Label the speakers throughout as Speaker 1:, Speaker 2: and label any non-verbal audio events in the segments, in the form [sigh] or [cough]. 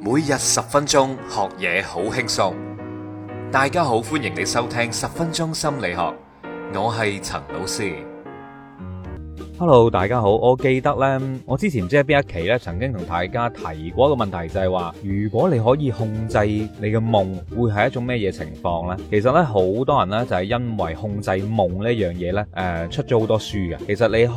Speaker 1: 每日十分鐘學嘢，好輕鬆。大家好，歡迎你收聽十分鐘心理學。我係陳老師。Hello，大家好。我記得呢，我之前唔知喺邊一期呢曾經同大家提過一個問題，就係話如果你可以控制你嘅夢，會係一種咩嘢情況呢？其實呢，好多人呢就係因為控制夢呢樣嘢呢，誒、出咗好多書嘅。其實你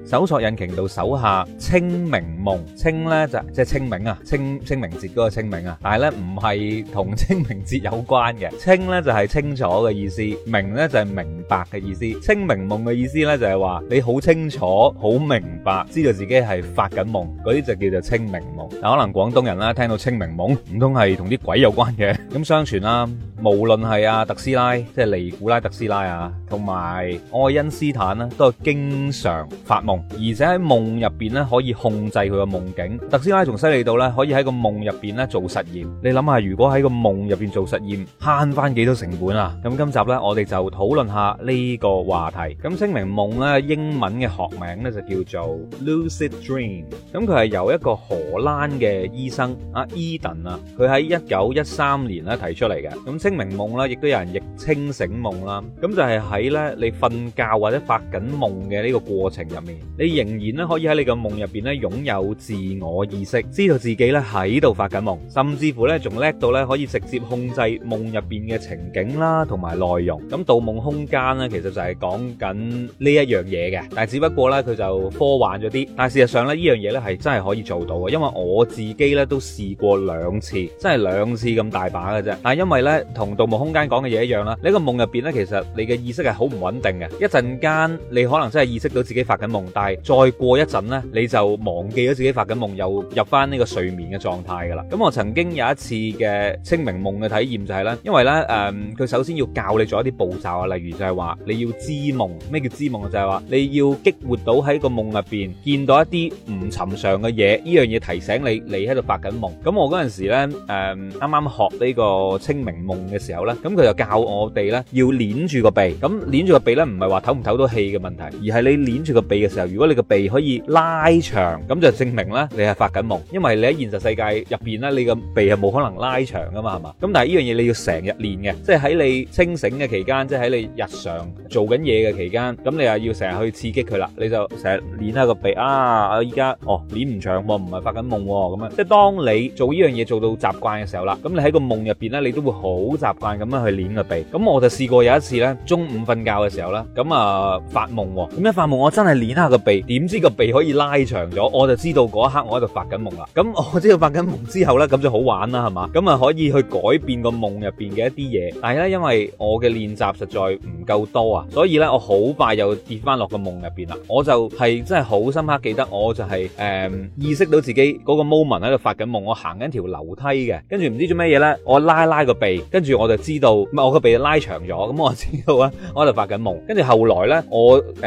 Speaker 1: 去搜索引擎度搜下清明夢，清呢就即係清明啊，清清明節嗰個清明啊，但係呢唔係同清明節有關嘅。清呢就係清楚嘅意思，明呢就係明白嘅意思。清明夢嘅意思呢，就係話你好清楚。我好明白，知道自己係發緊夢，嗰啲就叫做清明夢。但可能廣東人啦，聽到清明夢唔通係同啲鬼有關嘅，咁 [laughs] 相傳啦、啊。無論係啊特斯拉，即係尼古拉特斯拉啊，同埋愛因斯坦呢，都係經常發夢，而且喺夢入邊呢可以控制佢個夢境。特斯拉仲犀利到呢，可以喺個夢入邊呢做實驗。你諗下，如果喺個夢入邊做實驗，慳返幾多成本啊？咁今集呢，我哋就討論下呢個話題。咁清明夢呢，英文嘅學名呢就叫做 Lucid Dream。咁佢係由一個荷蘭嘅醫生啊 Eden 啊，佢喺一九一三年咧提出嚟嘅。咁清清明夢啦，亦都有人亦清醒夢啦。咁就係喺咧你瞓覺或者發緊夢嘅呢個過程入面，你仍然咧可以喺你嘅夢入邊咧擁有自我意識，知道自己咧喺度發緊夢，甚至乎咧仲叻到咧可以直接控制夢入邊嘅情景啦，同埋內容。咁《盜夢空間》咧其實就係講緊呢一樣嘢嘅，但係只不過咧佢就科幻咗啲，但係事實上咧呢樣嘢咧係真係可以做到嘅，因為我自己咧都試過兩次，真係兩次咁大把㗎啫。但係因為咧。同《盜夢空間》講嘅嘢一樣啦，呢個夢入邊呢，其實你嘅意識係好唔穩定嘅，一陣間你可能真係意識到自己發緊夢，但係再過一陣呢，你就忘記咗自己發緊夢，又入翻呢個睡眠嘅狀態噶啦。咁我曾經有一次嘅清明夢嘅體驗就係呢，因為呢，誒，佢首先要教你做一啲步驟啊，例如就係話你要知夢，咩叫知夢？就係話你要激活到喺個夢入邊見到一啲唔尋常嘅嘢，呢樣嘢提醒你你喺度發緊夢。咁我嗰陣時咧啱啱學呢個清明夢。嘅時候咧，咁佢就教我哋咧，要捏住個鼻，咁捏住個鼻咧，唔係話唞唔唞到氣嘅問題，而係你捏住個鼻嘅時候，如果你個鼻可以拉長，咁就證明咧你係發緊夢，因為你喺現實世界入邊咧，你個鼻係冇可能拉長噶嘛，係嘛？咁但係呢樣嘢你要成日練嘅，即係喺你清醒嘅期間，即係喺你日常做緊嘢嘅期間，咁你又要成日去刺激佢啦，你就成日捏下個鼻啊！依家哦，捏唔長喎，唔係發緊夢喎，咁樣即係當你做呢樣嘢做到習慣嘅時候啦，咁你喺個夢入邊咧，你都會好。習慣咁樣去捏個鼻，咁我就試過有一次呢，中午瞓覺嘅時候呢，咁啊、呃、發夢、哦，點樣發夢？我真係捏下個鼻，點知個鼻可以拉長咗，我就知道嗰一刻我喺度發緊夢啦。咁我知道發緊夢之後呢，咁就好玩啦，係嘛？咁啊可以去改變個夢入邊嘅一啲嘢。但係呢，因為我嘅練習實在唔夠多啊，所以呢，我好快又跌翻落個夢入邊啦。我就係真係好深刻記得，我就係、是、誒、呃、意識到自己嗰個 moment 喺度發緊夢，我行緊條樓梯嘅，跟住唔知做咩嘢呢，我拉拉個鼻，跟住。跟住我就知道，唔係我個鼻拉長咗，咁我知道呢，我喺度發緊夢。跟住後來呢，我誒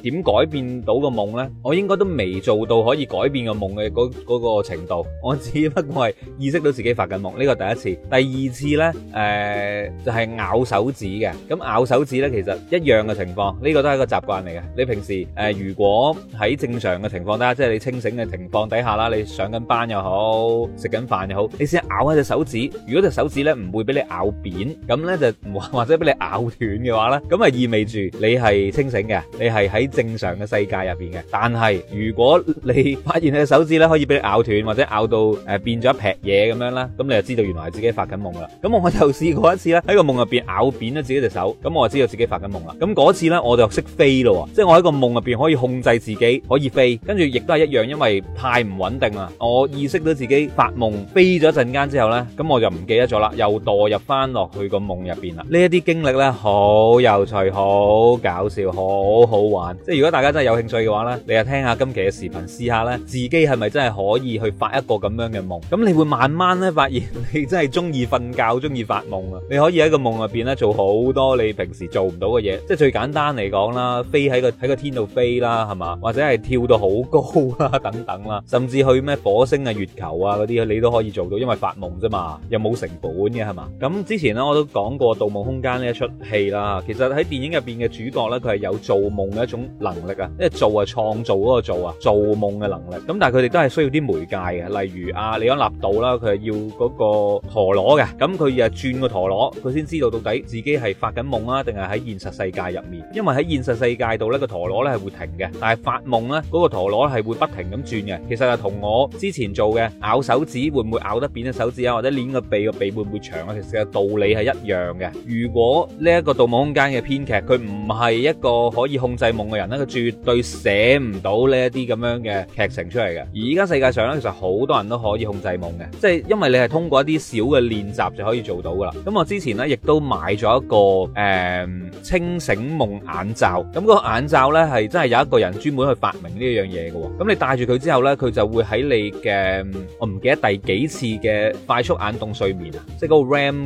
Speaker 1: 點改變到個夢呢？我應該都未做到可以改變個夢嘅嗰嗰個程度。我只不過係意識到自己發緊夢。呢個第一次，第二次呢誒就係咬手指嘅。咁咬手指呢，其實一樣嘅情況，呢個都係一個習慣嚟嘅。你平時誒如果喺正常嘅情況啦，即係你清醒嘅情況底下啦，你上緊班又好，食緊飯又好，你試下咬下隻手指。如果隻手指呢唔會俾你。咬扁咁咧就或者俾你咬斷嘅話咧，咁啊意味住你係清醒嘅，你係喺正常嘅世界入邊嘅。但係如果你發現你嘅手指咧可以俾你咬斷，或者咬到誒變咗一劈嘢咁樣啦，咁你就知道原來自己發緊夢啦。咁我就試過一次咧喺個夢入邊咬扁咗自己隻手，咁我就知道自己發緊夢啦。咁嗰次咧我就識飛咯，即係我喺個夢入邊可以控制自己可以飛，跟住亦都係一樣，因為太唔穩定啦。我意識到自己發夢飛咗一陣間之後咧，咁我就唔記得咗啦，又墮又翻落去個夢入邊啦，呢一啲經歷咧好，好有趣、好搞笑、好好玩。即係如果大家真係有興趣嘅話咧，你就聽下今期嘅視頻，試，試下咧自己係咪真係可以去發一個咁樣嘅夢。咁你會慢慢咧發現，你真係中意瞓覺、中意發夢啊！你可以喺個夢入邊咧做好多你平時做唔到嘅嘢。即係最簡單嚟講啦，飛喺個喺個天度飛啦，係嘛，或者係跳到好高啦， [laughs] 等等啦，甚至去咩火星啊、月球啊嗰啲，你都可以做到，因為發夢啫嘛，又冇成本嘅，係嘛。咁之前咧我都講過《盜夢空間》呢一出戲啦，其實喺電影入邊嘅主角呢，佢係有做夢嘅一種能力啊，即係做啊創造嗰個做啊，做夢嘅能力。咁但係佢哋都係需要啲媒介嘅，例如阿、啊、李安納度啦，佢係要嗰個陀螺嘅，咁佢又轉個陀螺，佢先知道到底自己係發緊夢啊，定係喺現實世界入面。因為喺現實世界度呢、嗰個陀螺呢係會停嘅，但係發夢呢嗰個陀螺係會不停咁轉嘅。其實係同我之前做嘅咬手指會唔會咬得扁咗手指啊，或者捻個鼻個鼻會唔會長啊？其實。嘅道理係一樣嘅。如果呢一個《盜夢空間》嘅編劇佢唔係一個可以控制夢嘅人咧，佢絕對寫唔到呢一啲咁樣嘅劇情出嚟嘅。而依家世界上咧，其實好多人都可以控制夢嘅，即係因為你係通過一啲小嘅練習就可以做到噶啦。咁我之前咧亦都買咗一個誒清醒夢眼罩。咁個眼罩咧係真係有一個人專門去發明呢樣嘢嘅喎。咁你戴住佢之後咧，佢就會喺你嘅我唔記得第幾次嘅快速眼動睡眠啊，即係嗰個 REM。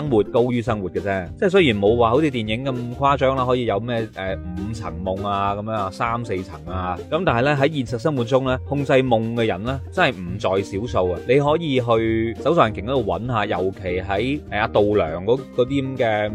Speaker 1: 生活高於生活嘅啫，即係雖然冇話好似電影咁誇張啦，可以有咩誒、呃、五層夢啊咁樣啊，三四層啊，咁但係呢，喺現實生活中呢，控制夢嘅人呢，真係唔在少數啊！你可以去搜索引擎嗰度揾下，尤其喺誒阿道良嗰啲咁嘅。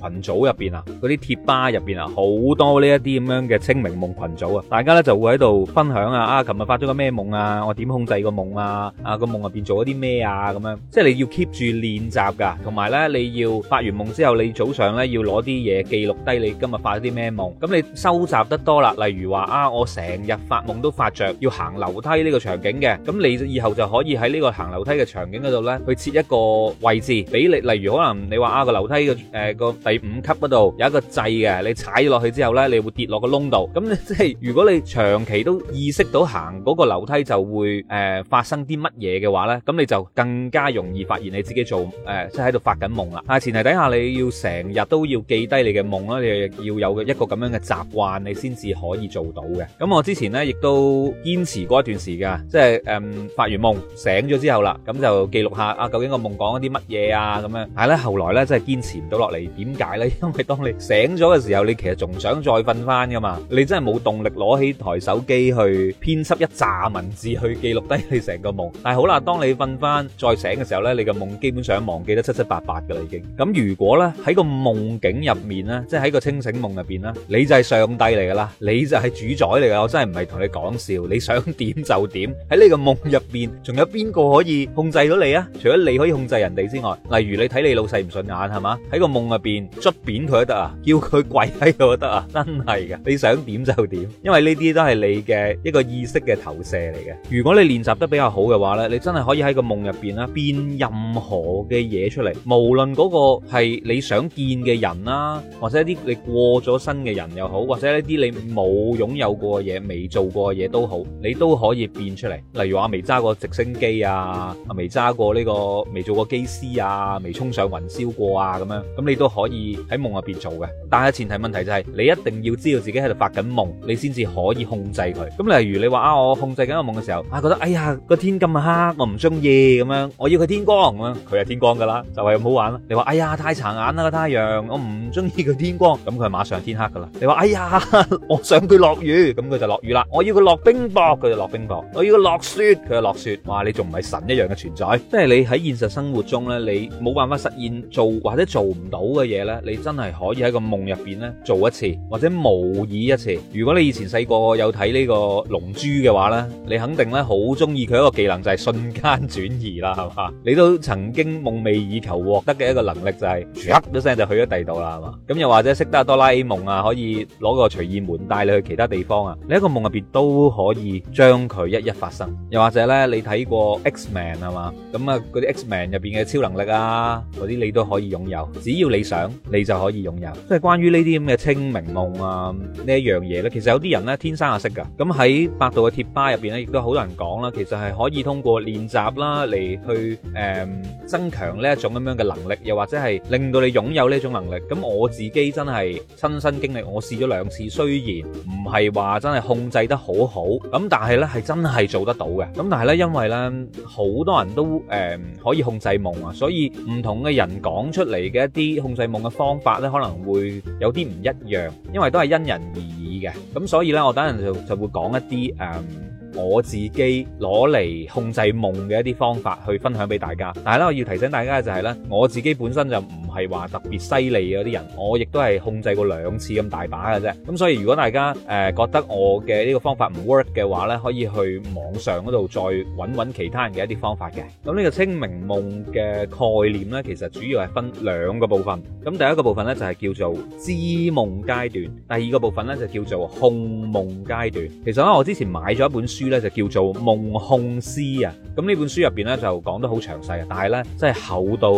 Speaker 1: 群組入邊啊，嗰啲貼吧入邊啊，好多呢一啲咁樣嘅清明夢群組啊，大家呢就會喺度分享啊，啊，琴日發咗個咩夢啊，我點控制個夢啊，啊，個夢入邊做咗啲咩啊，咁樣，即係你要 keep 住練習噶，同埋呢，你要發完夢之後，你早上呢要攞啲嘢記錄低你今日發咗啲咩夢，咁、嗯、你收集得多啦，例如話啊，我成日發夢都發着要行樓梯呢個場景嘅，咁、嗯、你以後就可以喺呢個行樓梯嘅場景嗰度呢去設一個位置俾你，例如可能你話啊樓、呃嗰個樓梯嘅誒個。係五級嗰度有一個掣嘅，你踩咗落去之後呢，你會跌落個窿度。咁即係如果你長期都意識到行嗰個樓梯就會誒、呃、發生啲乜嘢嘅話呢，咁你就更加容易發現你自己做誒、呃、即係喺度發緊夢啦。但係前提底下你要成日都要記低你嘅夢啦，你要有一個咁樣嘅習慣，你先至可以做到嘅。咁我之前呢，亦都堅持過一段時間，即係誒、呃、發完夢醒咗之後啦，咁就記錄下啊究竟個夢講咗啲乜嘢啊咁樣。但係呢後來呢真係堅持唔到落嚟，點解啦，因為當你醒咗嘅時候，你其實仲想再瞓翻噶嘛，你真係冇動力攞起台手機去編輯一揸文字去記錄低你成個夢。但係好啦，當你瞓翻再醒嘅時候咧，你嘅夢基本上忘記得七七八八噶啦，已經。咁如果咧喺個夢境入面咧，即係喺個清醒夢入邊咧，你就係上帝嚟噶啦，你就係主宰嚟噶，我真係唔係同你講笑，你想點就點。喺呢個夢入邊，仲有邊個可以控制到你啊？除咗你可以控制人哋之外，例如你睇你老細唔順眼係嘛？喺個夢入邊。捽扁佢都得啊，叫佢跪喺度都得啊，真係㗎。你想點就點，因為呢啲都係你嘅一個意識嘅投射嚟嘅。如果你練習得比較好嘅話呢，你真係可以喺個夢入邊咧變任何嘅嘢出嚟，無論嗰個係你想見嘅人啦、啊，或者一啲你過咗身嘅人又好，或者一啲你冇擁有過嘅嘢、未做過嘅嘢都好，你都可以變出嚟。例如話未揸過直升機啊，未揸過呢個未做過機師啊，未衝上雲霄過啊咁樣，咁你都可以。喺夢入邊做嘅，但係前提問題就係、是、你一定要知道自己喺度發緊夢，你先至可以控制佢。咁例如你話啊，我控制緊個夢嘅時候，啊覺得哎呀個天咁黑，我唔中意咁樣，我要佢天光咁啊，佢係天光噶啦，就係、是、咁好玩啦。你話哎呀太殘眼啦個太陽，我唔中意佢天光，咁佢馬上天黑噶啦。你話哎呀我想佢落雨，咁佢就落雨啦。我要佢落冰雹，佢就落冰雹。我要佢落雪，佢就落雪。話你仲唔係神一樣嘅存在？即係你喺現實生活中咧，你冇辦法實現做或者做唔到嘅嘢。你真係可以喺個夢入邊咧做一次或者模擬一次。如果你以前細個有睇呢個《龍珠》嘅話呢，你肯定呢好中意佢一個技能就係、是、瞬間轉移啦，係嘛？你都曾經夢寐以求獲得嘅一個能力就係、是，一聲就去咗第度啦，係嘛？咁又或者識得哆啦 A 夢啊，可以攞個隨意門帶你去其他地方啊？你喺個夢入邊都可以將佢一一發生。又或者呢，你睇過 X Man 係嘛？咁啊，嗰啲 X Man 入邊嘅超能力啊，嗰啲你都可以擁有，只要你想。你就可以擁有，即係關於呢啲咁嘅清明夢啊，呢一樣嘢呢，其實有啲人呢天生啊識㗎，咁喺百度嘅貼吧入邊呢，亦都好多人講啦，其實係可以通過練習啦嚟去誒、呃、增強呢一種咁樣嘅能力，又或者係令到你擁有呢一種能力。咁我自己真係親身經歷，我試咗兩次，雖然唔係話真係控制得好好，咁但係呢係真係做得到嘅。咁但係呢，因為呢好多人都誒、呃、可以控制夢啊，所以唔同嘅人講出嚟嘅一啲控制夢嘅方法咧，可能會有啲唔一樣，因為都係因人而異嘅，咁所以咧，我等陣就就會講一啲誒。嗯我自己攞嚟控制夢嘅一啲方法去分享俾大家，但係咧，我要提醒大家嘅就係咧，我自己本身就唔係話特別犀利嗰啲人，我亦都係控制過兩次咁大把嘅啫。咁所以如果大家誒覺得我嘅呢個方法唔 work 嘅話咧，可以去網上嗰度再搵搵其他人嘅一啲方法嘅。咁呢個清明夢嘅概念咧，其實主要係分兩個部分。咁第一個部分咧就係叫做知夢階段，第二個部分咧就叫做控夢階段。其實咧，我之前買咗一本書。咧就叫做《夢控師》啊，咁呢本書入邊咧就講得好詳細嘅，但係咧真係厚到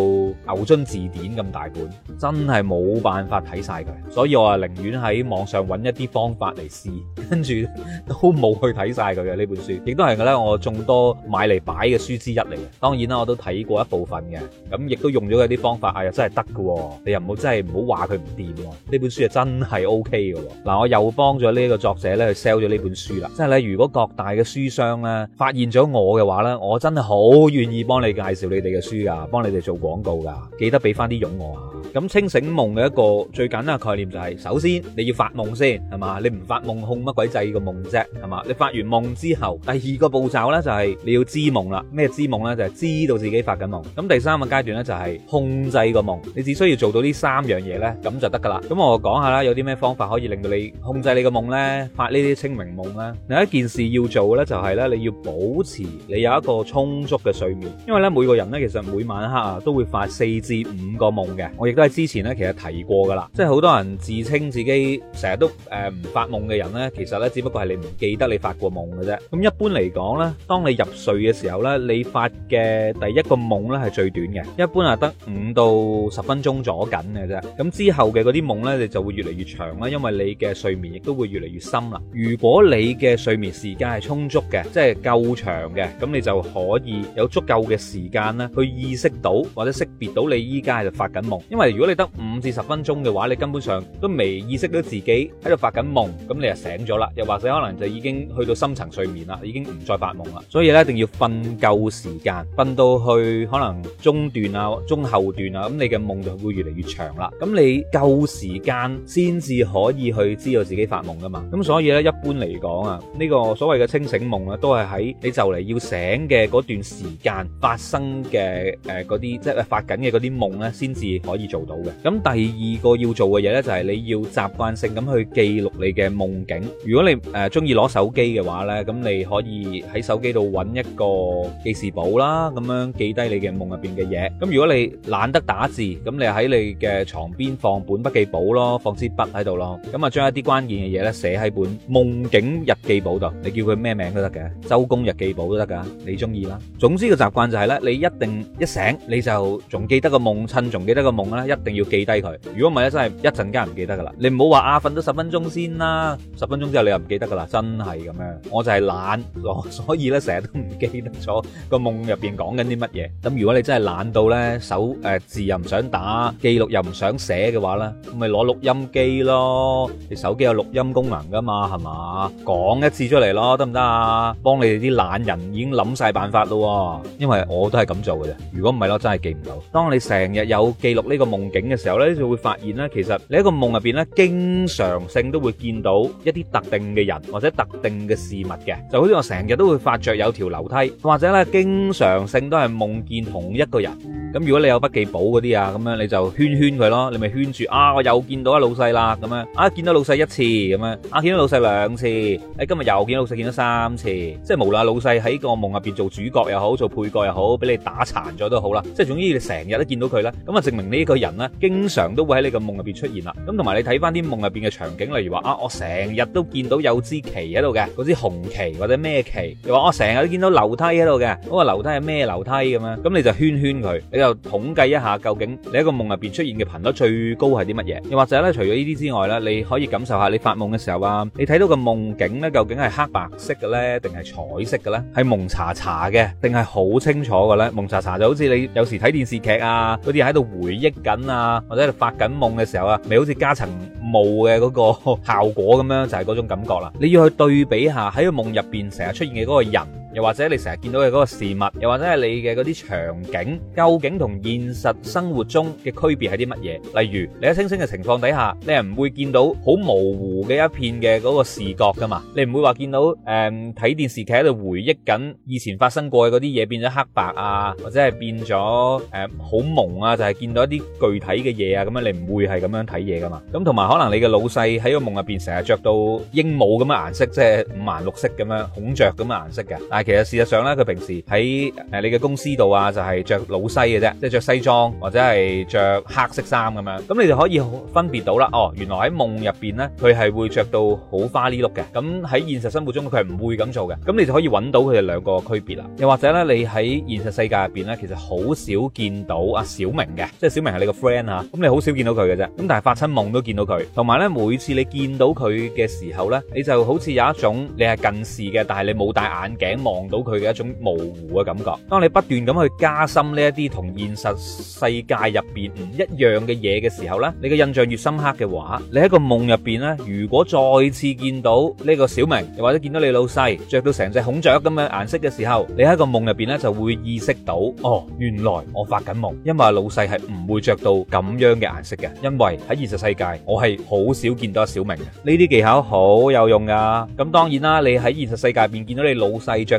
Speaker 1: 牛津字典咁大本，真係冇辦法睇晒佢，所以我啊寧願喺網上揾一啲方法嚟試，跟住 [laughs] 都冇去睇晒佢嘅呢本書，亦都係嘅咧，我眾多買嚟擺嘅書之一嚟嘅。當然啦，我都睇過一部分嘅，咁亦都用咗佢啲方法，啊、哎、又真係得㗎，你又唔好真係唔好話佢唔掂，呢本書啊真係 O K 嘅。嗱，我又幫咗呢個作者咧去 sell 咗呢本書啦，即係咧如果各大嘅書商咧，發現咗我嘅話咧，我真係好願意幫你介紹你哋嘅書噶，幫你哋做廣告噶，記得俾翻啲佣我啊！咁清醒夢嘅一個最簡單嘅概念就係，首先你要發夢先，係嘛？你唔發夢控乜鬼制個夢啫，係嘛？你發完夢之後，第二個步驟咧就係你要知夢啦，咩知夢咧就係知道自己發緊夢。咁第三個階段咧就係控制個夢，你只需要做到呢三樣嘢咧，咁就得噶啦。咁我講下啦，有啲咩方法可以令到你控制你個夢咧，發呢啲清明夢咧？有一件事要做。咧就係咧，你要保持你有一個充足嘅睡眠，因為咧每個人咧其實每晚黑啊都會發四至五個夢嘅。我亦都係之前咧其實提過噶啦，即係好多人自稱自己成日都誒唔、呃、發夢嘅人咧，其實咧只不過係你唔記得你發過夢嘅啫。咁一般嚟講咧，當你入睡嘅時候咧，你發嘅第一個夢咧係最短嘅，一般係得五到十分鐘咗緊嘅啫。咁之後嘅嗰啲夢咧，你就會越嚟越長啦，因為你嘅睡眠亦都會越嚟越深啦。如果你嘅睡眠時間係充足嘅，即係夠長嘅，咁你就可以有足夠嘅時間咧，去意識到或者識別到你依家喺度發緊夢。因為如果你得五至十分鐘嘅話，你根本上都未意識到自己喺度發緊夢，咁你就醒咗啦，又或者可能就已經去到深層睡眠啦，已經唔再發夢啦。所以咧一定要瞓夠時間，瞓到去可能中段啊、中後段啊，咁你嘅夢就會越嚟越長啦。咁你夠時間先至可以去知道自己發夢噶嘛。咁所以咧，一般嚟講啊，呢個所謂嘅清醒夢啦，都係喺你就嚟要醒嘅嗰段時間發生嘅，誒嗰啲，即係發緊嘅嗰啲夢咧，先至可以做到嘅。咁第二個要做嘅嘢咧，就係你要習慣性咁去記錄你嘅夢境。如果你誒中意攞手機嘅話咧，咁你可以喺手機度搵一個記事簿啦，咁樣記低你嘅夢入邊嘅嘢。咁如果你懶得打字，咁你喺你嘅床邊放本筆記簿咯，放支筆喺度咯，咁啊將一啲關鍵嘅嘢咧寫喺本夢境日記簿度。你叫佢咩？咩名都得嘅，周公日記簿都得噶，你中意啦。總之個習慣就係咧，你一定一醒你就仲記得個夢，趁仲記得個夢啦，一定要記低佢。如果唔係咧，真係一陣間唔記得噶啦。你唔好話啊，瞓咗十分鐘先啦，十分鐘之後你又唔記得噶啦，真係咁樣。我就係懶，所以咧成日都唔記得咗個夢入邊講緊啲乜嘢。咁如果你真係懶到咧，手，誒，字又唔想打，記錄又唔想寫嘅話咧，咪攞錄音機咯。你手機有錄音功能噶嘛，係嘛？講一次出嚟咯，得唔得？啊！幫你哋啲懶人已經諗晒辦法咯，因為我都係咁做嘅啫。如果唔係咯，真係記唔到。當你成日有記錄呢個夢境嘅時候呢，就會發現呢，其實你喺個夢入邊呢，經常性都會見到一啲特定嘅人或者特定嘅事物嘅，就好似我成日都會發着有條樓梯，或者呢經常性都係夢見同一個人。咁如果你有筆記簿嗰啲啊，咁樣你就圈圈佢咯，你咪圈住啊！我又見到啊老細啦，咁樣啊，見到老細一次咁樣啊，見到老細兩次，誒、哎、今日又見到老細，見到三次，即係無論，老細喺個夢入邊做主角又好，做配角又好，俾你打殘咗都好啦，即係總之你成日都見到佢咧，咁啊證明呢一個人咧，經常都會喺你個夢入邊出現啦。咁同埋你睇翻啲夢入邊嘅場景，例如話啊，我成日都見到有支旗喺度嘅，嗰支紅旗或者咩旗？又話我成日都見到樓梯喺度嘅，嗰、那個樓梯係咩樓梯咁樣？咁你就圈圈佢。就統計一下，究竟你喺個夢入邊出現嘅頻率最高係啲乜嘢？又或者咧，除咗呢啲之外咧，你可以感受下你發夢嘅時候啊，你睇到個夢境呢，究竟係黑白色嘅呢，定係彩色嘅呢？係蒙查查嘅，定係好清楚嘅呢？蒙查查就好似你有時睇電視劇啊，嗰啲喺度回憶緊啊，或者喺度發緊夢嘅時候啊，咪好似加層霧嘅嗰個效果咁樣，就係嗰種感覺啦。你要去對比下喺個夢入邊成日出現嘅嗰個人。又或者你成日見到嘅嗰個事物，又或者係你嘅嗰啲場景，究竟同現實生活中嘅區別係啲乜嘢？例如你喺星星嘅情況底下，你係唔會見到好模糊嘅一片嘅嗰個視覺噶嘛？你唔會話見到誒睇電視劇喺度回憶緊以前發生過嘅嗰啲嘢變咗黑白啊，或者係變咗誒好朦啊，就係見到一啲具體嘅嘢啊咁樣，你唔會係咁樣睇嘢噶嘛？咁同埋可能你嘅老細喺個夢入邊成日著到鸚鵡咁嘅顏色，即係五顏六色咁樣，孔雀咁嘅顏色嘅。其實事實上咧，佢平時喺誒你嘅公司度啊，就係着老西嘅啫，即係着西裝或者係着黑色衫咁樣。咁你就可以分別到啦。哦，原來喺夢入邊咧，佢係會着到好花呢碌嘅。咁喺現實生活中，佢係唔會咁做嘅。咁你就可以揾到佢哋兩個區別啦。又或者咧，你喺現實世界入邊咧，其實好少見到阿小明嘅，即係小明係你個 friend 吓。咁你好少見到佢嘅啫。咁但係發親夢都見到佢。同埋咧，每次你見到佢嘅時候咧，你就好似有一種你係近視嘅，但係你冇戴眼鏡望。望到佢嘅一種模糊嘅感覺。當你不斷咁去加深呢一啲同現實世界入邊唔一樣嘅嘢嘅時候咧，你嘅印象越深刻嘅話，你喺個夢入邊咧，如果再次見到呢個小明，又或者見到你老細着到成隻孔雀咁嘅顏色嘅時候，你喺個夢入邊咧就會意識到，哦，原來我發緊夢，因為老細係唔會着到咁樣嘅顏色嘅，因為喺現實世界我係好少見到小明嘅。呢啲技巧好有用噶。咁當然啦，你喺現實世界入邊見到你老細着。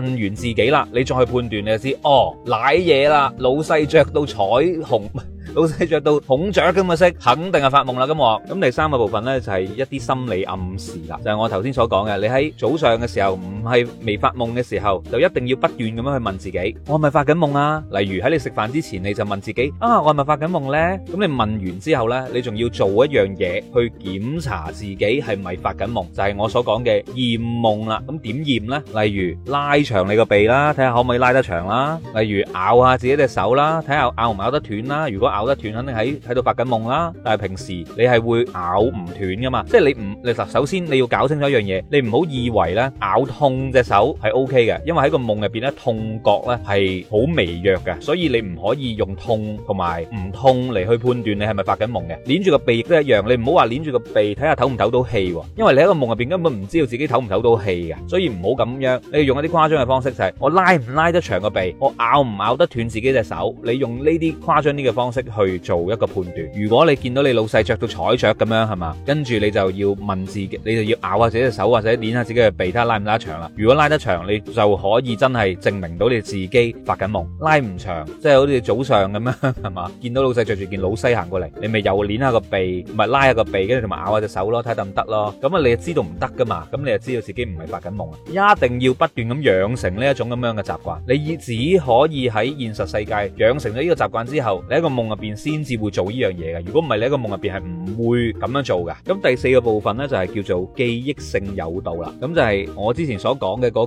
Speaker 1: 問完自己啦，你再去判斷，你就知哦，瀨嘢啦，老細着到彩虹。 [laughs] 老細着到孔雀咁嘅色，肯定係發夢啦咁話。咁第三個部分呢就係一啲心理暗示啦，就係我頭先所講嘅，你喺早上嘅時候唔係未發夢嘅時候，就一定要不斷咁樣去問自己，我係咪發緊夢啊？例如喺你食飯之前，你就問自己啊，我係咪發緊夢呢？咁你問完之後呢，你仲要做一樣嘢去檢查自己係咪發緊夢，就係我所講嘅驗夢啦。咁點驗呢？例如拉長你個鼻啦，睇下，可唔可以拉得長啦；例如咬下自己隻手啦，睇下，咬唔咬得斷啦。如果咬咬得斷肯定喺喺度發緊夢啦，但係平時你係會咬唔斷噶嘛？即係你唔，其實首先你要搞清楚一樣嘢，你唔好以為咧咬痛隻手係 O K 嘅，因為喺個夢入邊咧痛覺咧係好微弱嘅，所以你唔可以用痛同埋唔痛嚟去判斷你係咪發緊夢嘅。捏住個鼻亦都一樣，你唔好話捏住個鼻睇下唞唔唞到氣，因為你喺個夢入邊根本唔知道自己唞唔唞到氣嘅，所以唔好咁樣。你要用一啲誇張嘅方式，就係我拉唔拉得長個鼻，我咬唔咬得斷自己隻手，你用呢啲誇張啲嘅方式。去做一個判斷。如果你見到你老細着到彩雀咁樣，係嘛？跟住你就要問自己，你就要咬下自己隻手，或者捏下自己嘅鼻，睇下拉唔拉長啦。如果拉得長，你就可以真係證明到你自己發緊夢。拉唔長，即係好似早上咁樣，係嘛？見到老細着住件老西行過嚟，你咪又捏下個鼻，咪拉下個鼻，跟住同埋咬下隻手咯，睇得唔得咯。咁啊，你就知道唔得㗎嘛？咁你就知道自己唔係發緊夢啊！一定要不斷咁養成呢一種咁樣嘅習慣。你只可以喺現實世界養成咗呢個習慣之後，你一個夢邊先至會做呢樣嘢嘅？如果唔係，你喺個夢入邊係唔會咁樣做嘅。咁第四個部分咧，就係叫做記憶性誘導啦。咁就係我之前所講嘅嗰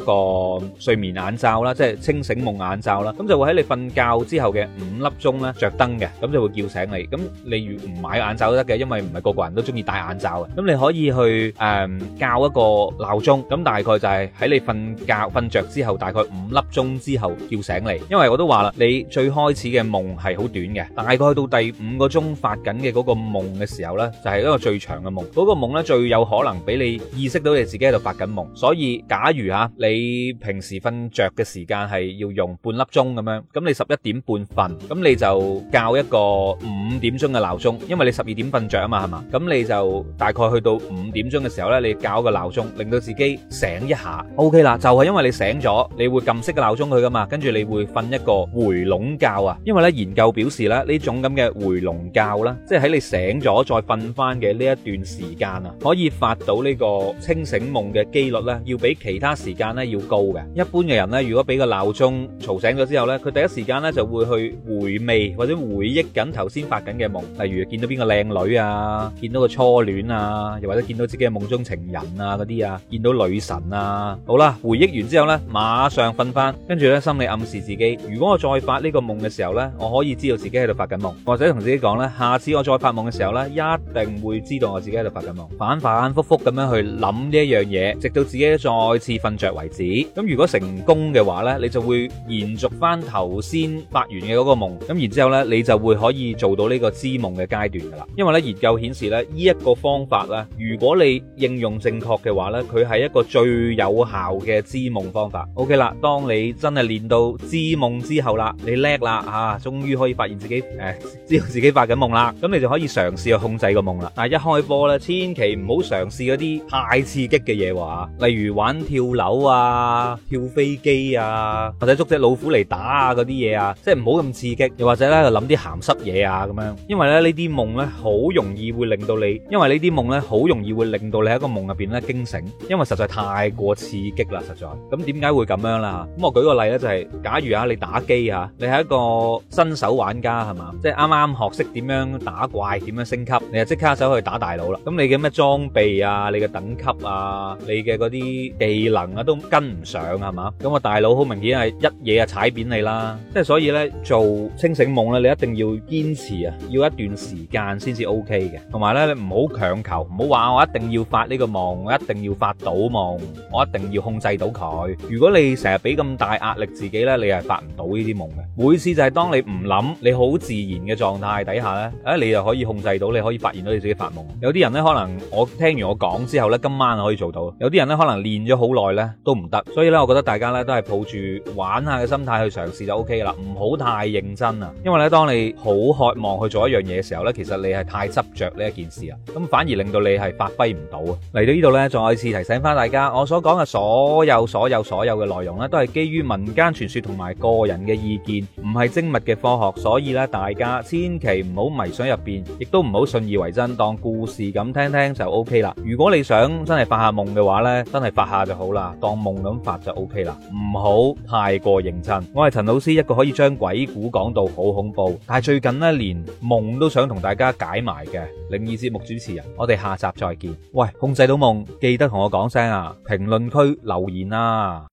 Speaker 1: 個睡眠眼罩啦，即係清醒夢眼罩啦。咁就會喺你瞓覺之後嘅五粒鐘咧着燈嘅，咁就會叫醒你。咁你如唔買眼罩都得嘅，因為唔係個個人都中意戴眼罩嘅。咁你可以去誒校一個鬧鐘，咁大概就係喺你瞓覺瞓着之後，大概五粒鐘之後叫醒你。因為我都話啦，你最開始嘅夢係好短嘅，但係。去到第五個鐘發緊嘅嗰個夢嘅時候呢，就係一個最長嘅夢。嗰個夢呢，最有可能俾你意識到你自己喺度發緊夢。所以假如啊你平時瞓着嘅時間係要用半粒鐘咁樣，咁你十一點半瞓，咁你就教一個五點鐘嘅鬧鐘，因為你十二點瞓着啊嘛，係嘛？咁你就大概去到五點鐘嘅時候呢，你教個鬧鐘令到自己醒一下。O K 啦，就係因為你醒咗，你會撳熄個鬧鐘佢噶嘛，跟住你會瞓一個回籠覺啊。因為呢研究表示呢，呢種。咁咁嘅回籠教啦，即係喺你醒咗再瞓翻嘅呢一段時間啊，可以發到呢個清醒夢嘅幾率咧，要比其他時間咧要高嘅。一般嘅人咧，如果俾個鬧鐘嘈醒咗之後咧，佢第一時間咧就會去回味或者回憶緊頭先發緊嘅夢，例如見到邊個靚女啊，見到個初戀啊，又或者見到自己嘅夢中情人啊嗰啲啊，見到女神啊。好啦，回憶完之後咧，馬上瞓翻，跟住咧心理暗示自己，如果我再發呢個夢嘅時候咧，我可以知道自己喺度發緊。或者同自己講呢，下次我再發夢嘅時候呢，一定會知道我自己喺度發緊夢，反反復復咁樣去諗呢一樣嘢，直到自己再次瞓着為止。咁如果成功嘅話呢，你就會延續翻頭先發完嘅嗰個夢，咁然之後咧，你就會可以做到呢個知夢嘅階段噶啦。因為呢研究顯示咧，呢一個方法呢，如果你應用正確嘅話呢，佢係一個最有效嘅知夢方法。OK 啦，當你真係練到知夢之後啦，你叻啦吓，終於可以發現自己誒。知道自己發緊夢啦，咁你就可以嘗試去控制個夢啦。但係一開波咧，千祈唔好嘗試嗰啲太刺激嘅嘢喎吓，例如玩跳樓啊、跳飛機啊，或者捉隻老虎嚟打啊嗰啲嘢啊，即係唔好咁刺激。又或者咧，諗啲鹹濕嘢啊咁樣，因為咧呢啲夢咧好容易會令到你，因為呢啲夢咧好容易會令到你喺個夢入邊咧驚醒，因為實在太過刺激啦，實在。咁點解會咁樣啦？咁我舉個例咧，就係假如啊你打機啊，你係一個新手玩家係嘛？即係啱啱學識點樣打怪，點樣升級，你就即刻走去打大佬啦。咁你嘅咩裝備啊，你嘅等級啊，你嘅嗰啲技能啊，都跟唔上，係嘛？咁個大佬好明顯係一嘢，啊踩扁你啦。即係所以咧，做清醒夢咧，你一定要堅持啊，要一段時間先至 OK 嘅。同埋咧，你唔好強求，唔好話我一定要發呢個夢，我一定要發到夢，我一定要控制到佢。如果你成日俾咁大壓力自己咧，你係發唔到呢啲夢嘅。每次就係當你唔諗，你好自。自然嘅狀態底下咧，誒你就可以控制到，你可以發現到你自己發夢。有啲人咧可能我聽完我講之後咧，今晚可以做到；有啲人咧可能練咗好耐咧都唔得。所以咧，我覺得大家咧都係抱住玩下嘅心態去嘗試就 OK 啦，唔好太認真啊。因為咧，當你好渴望去做一樣嘢嘅時候咧，其實你係太執着呢一件事啊，咁反而令到你係發揮唔到啊。嚟到呢度咧，再次提醒翻大家，我所講嘅所有、所有、所有嘅內容咧，都係基於民間傳說同埋個人嘅意見，唔係精密嘅科學，所以咧，大大家千祈唔好迷上入邊，亦都唔好信以為真，當故事咁聽聽就 OK 啦。如果你想真係發下夢嘅話呢，真係發下就好啦，當夢咁發就 OK 啦，唔好太過認真。我係陳老師，一個可以將鬼故講到好恐怖，但係最近呢，連夢都想同大家解埋嘅靈異節目主持人。我哋下集再見。喂，控制到夢，記得同我講聲啊，評論區留言啊。